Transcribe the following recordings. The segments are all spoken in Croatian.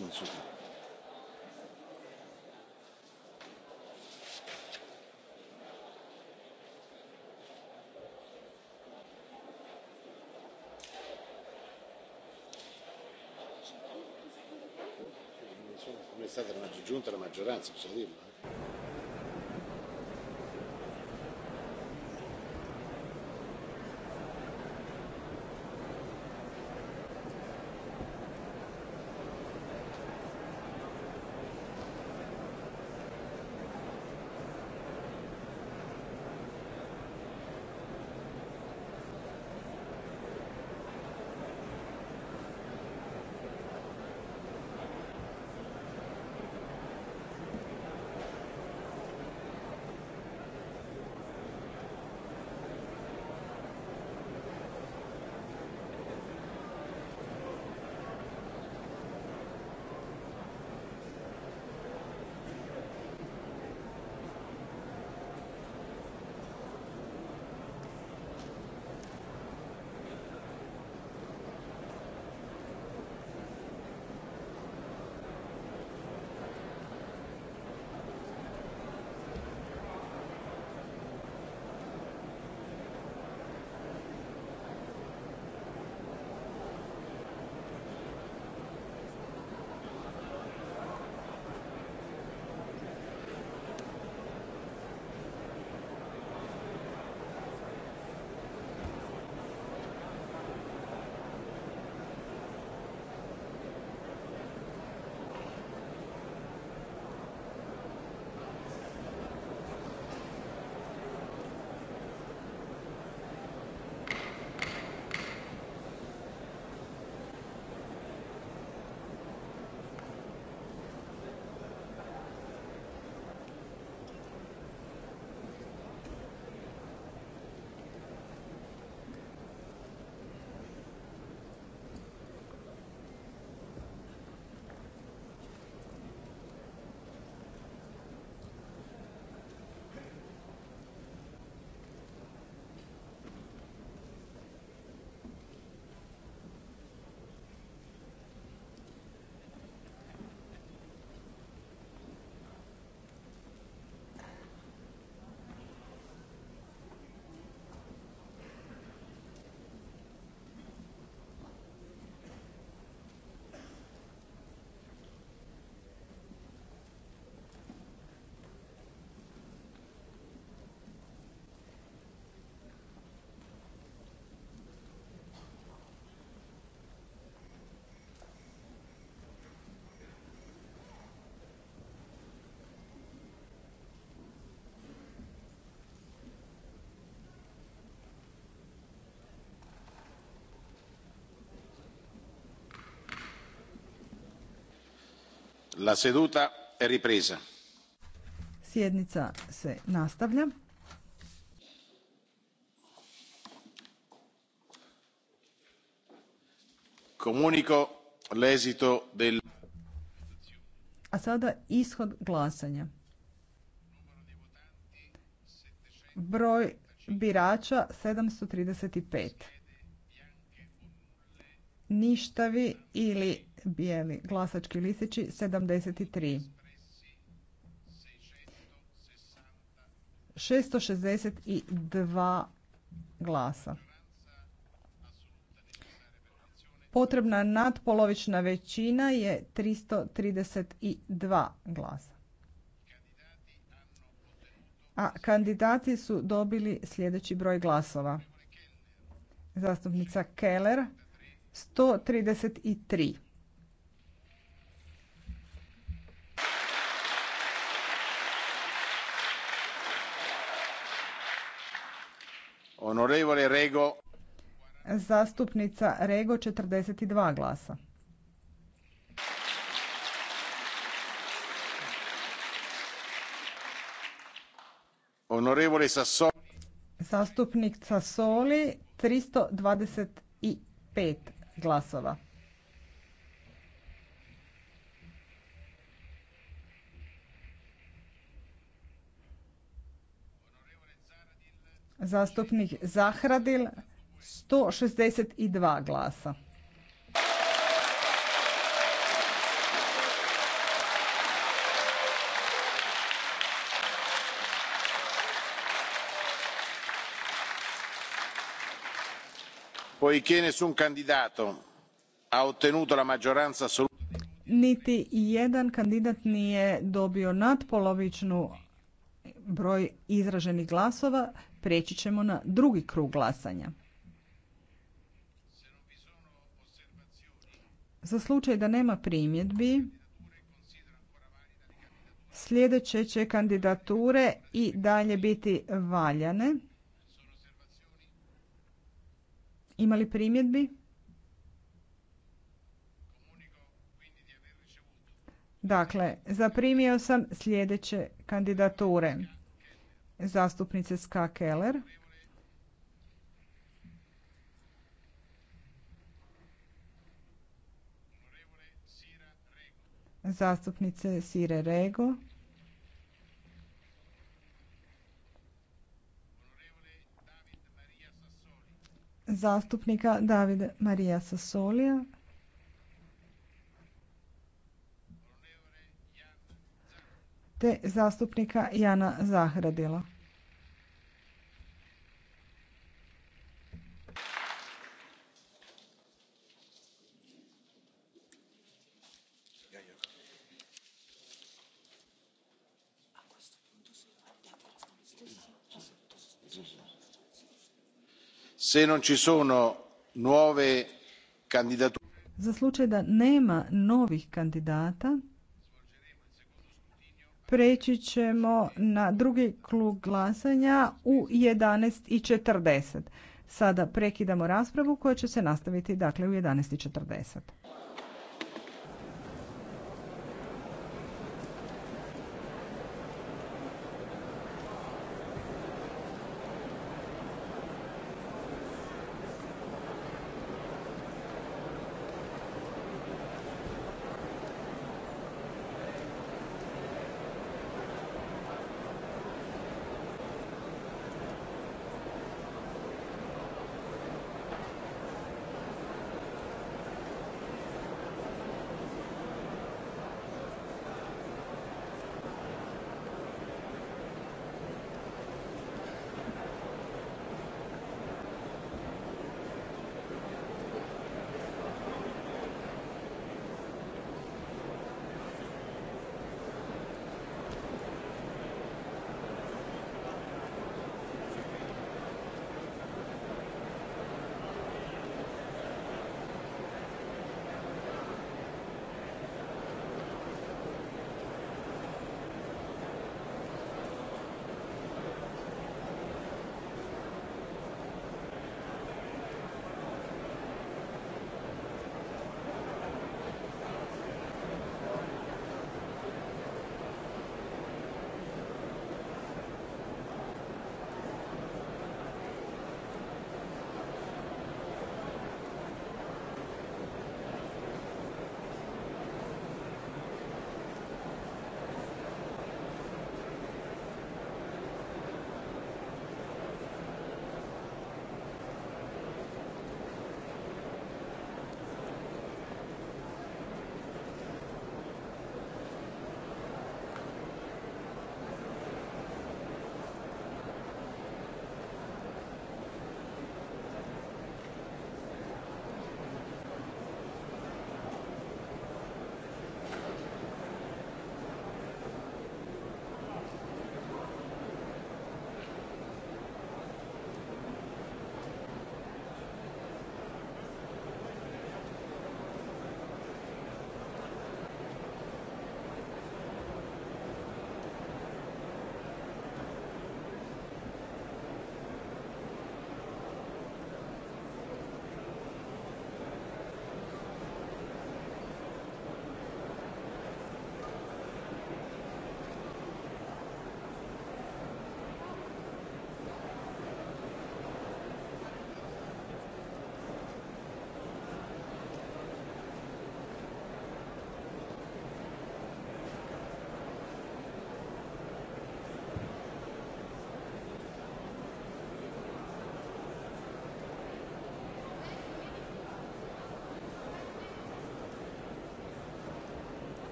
hinzufügen. come è stata la maggioranza La seduta è ripresa. Sjednica se nastavlja. Comunico l'esito del... A sada ishod glasanja. Broj birača 735 ništavi ili bijeli glasački listići 73. 662 glasa. Potrebna nadpolovična većina je 332 glasa. A kandidati su dobili sljedeći broj glasova. Zastupnica Keller 133. Onorevole Rego. Zastupnica Rego 42 glasa. Onorevole Sassoli. Zastupnik Sassoli 325 glasova. Zastupnik Zahradil 162 glasa. poiché nessun candidato ha ottenuto la maggioranza assoluta niti jedan kandidat nije dobio nadpolovičnu broj izraženih glasova Preći ćemo na drugi krug glasanja za slučaj da nema primjedbi sljedeće će kandidature i dalje biti valjane Imali primjedbi? Dakle, zaprimio sam sljedeće kandidature. Zastupnice Ska Keller. Zastupnice Sire Rego. zastupnika Davide Marija Sasolija. te zastupnika Jana Zahradila. se non ci sono nuove candidature za slučaj da nema novih kandidata preći ćemo na drugi klub glasanja u 11:40 sada prekidamo raspravu koja će se nastaviti dakle u 11:40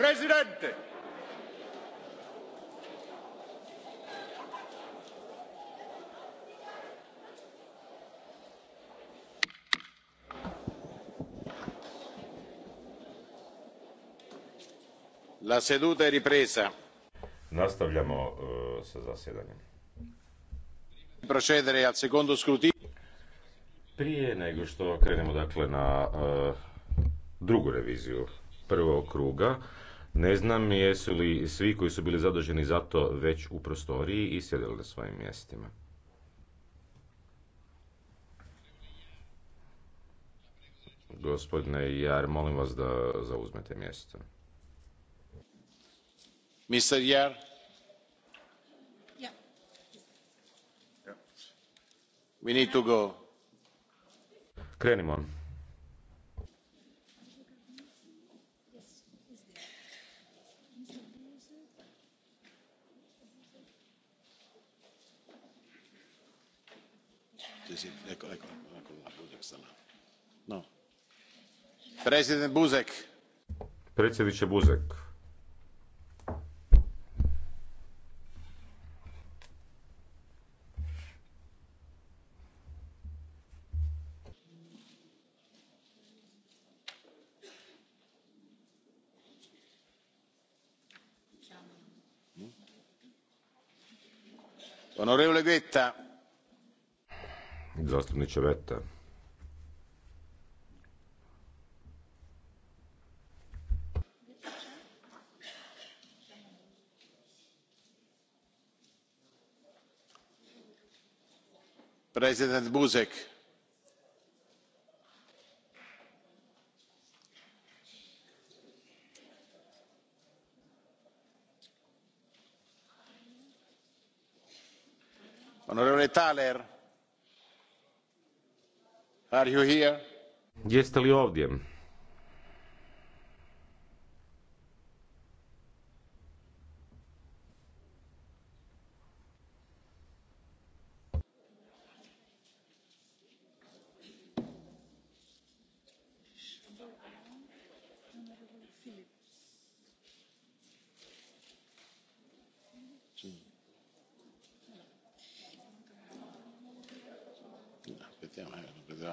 presidente! La seduta è ripresa. Nastavljamo eh, sa zasjedanjem. Procedere al secondo scrutinio. Prije nego što krenemo dakle na eh, drugu reviziju prvog kruga, ne znam jesu li svi koji su bili zaduženi za to već u prostoriji i sjedili na svojim mjestima. Gospodine Jar, molim vas da zauzmete mjesto. Mr. Jar. We need to go. Krenimo. Predsjedniče Buzek. zastupniče President Buzek. Onorevole Thaler Are you here? Jeste li ovdje?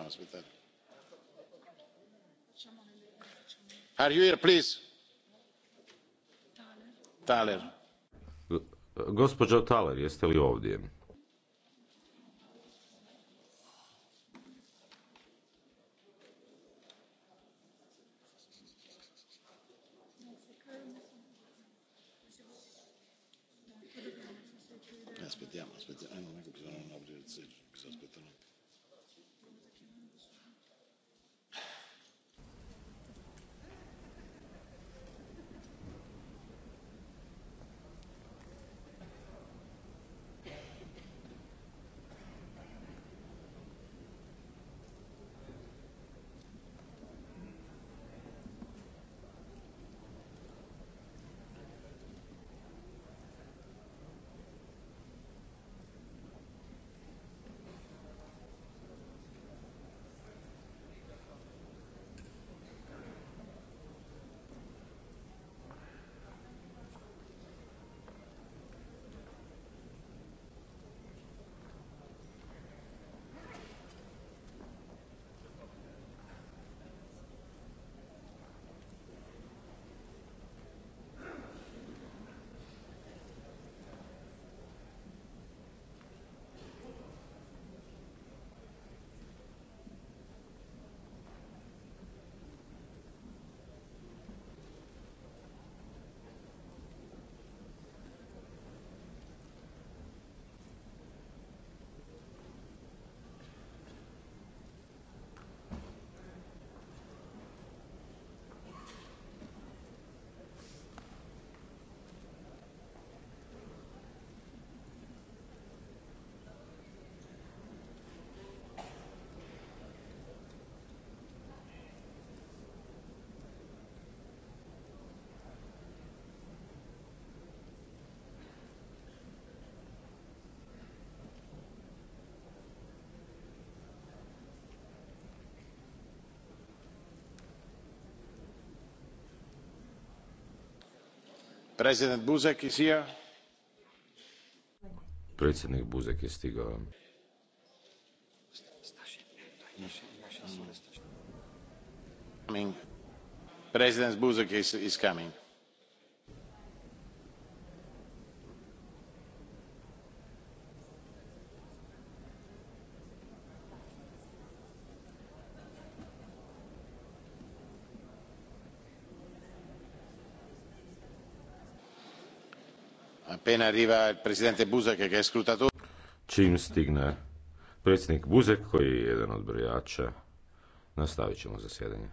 aspettate. Are you here, please? Taler. Gospođo Taler, jeste li ovdje? President Buzek is here. Predsjednik Buzek je stigao. President Buzek is coming. appena arriva il presidente Buzek che je scrutato... Čim stigne predsjednik Buzek koji je jedan od brojača, nastavit ćemo zasjedanje.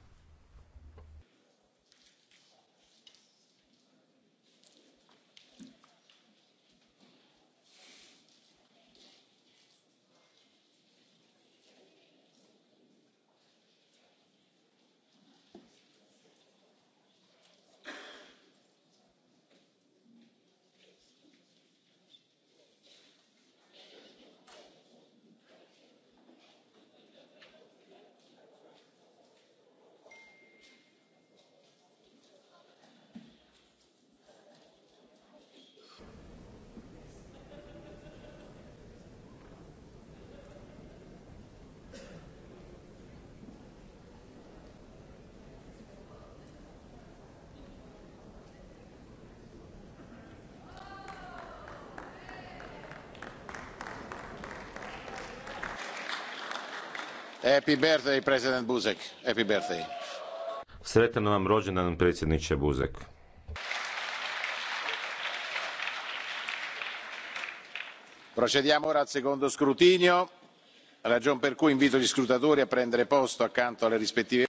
Happy birthday, president Buzek. Happy Sretan vam rođendan, predsjedniče Buzek. Procediamo ora al secondo scrutinio, ragion per cui invito gli scrutatori a prendere posto accanto alle rispettive...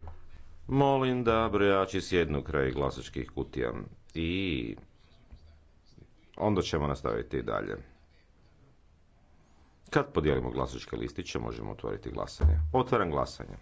Molim da brojači sjednu kraj glasačkih kutija i onda ćemo nastaviti dalje. Kad podijelimo glasačke listiće, možemo otvoriti glasanje. Otvaram glasanje.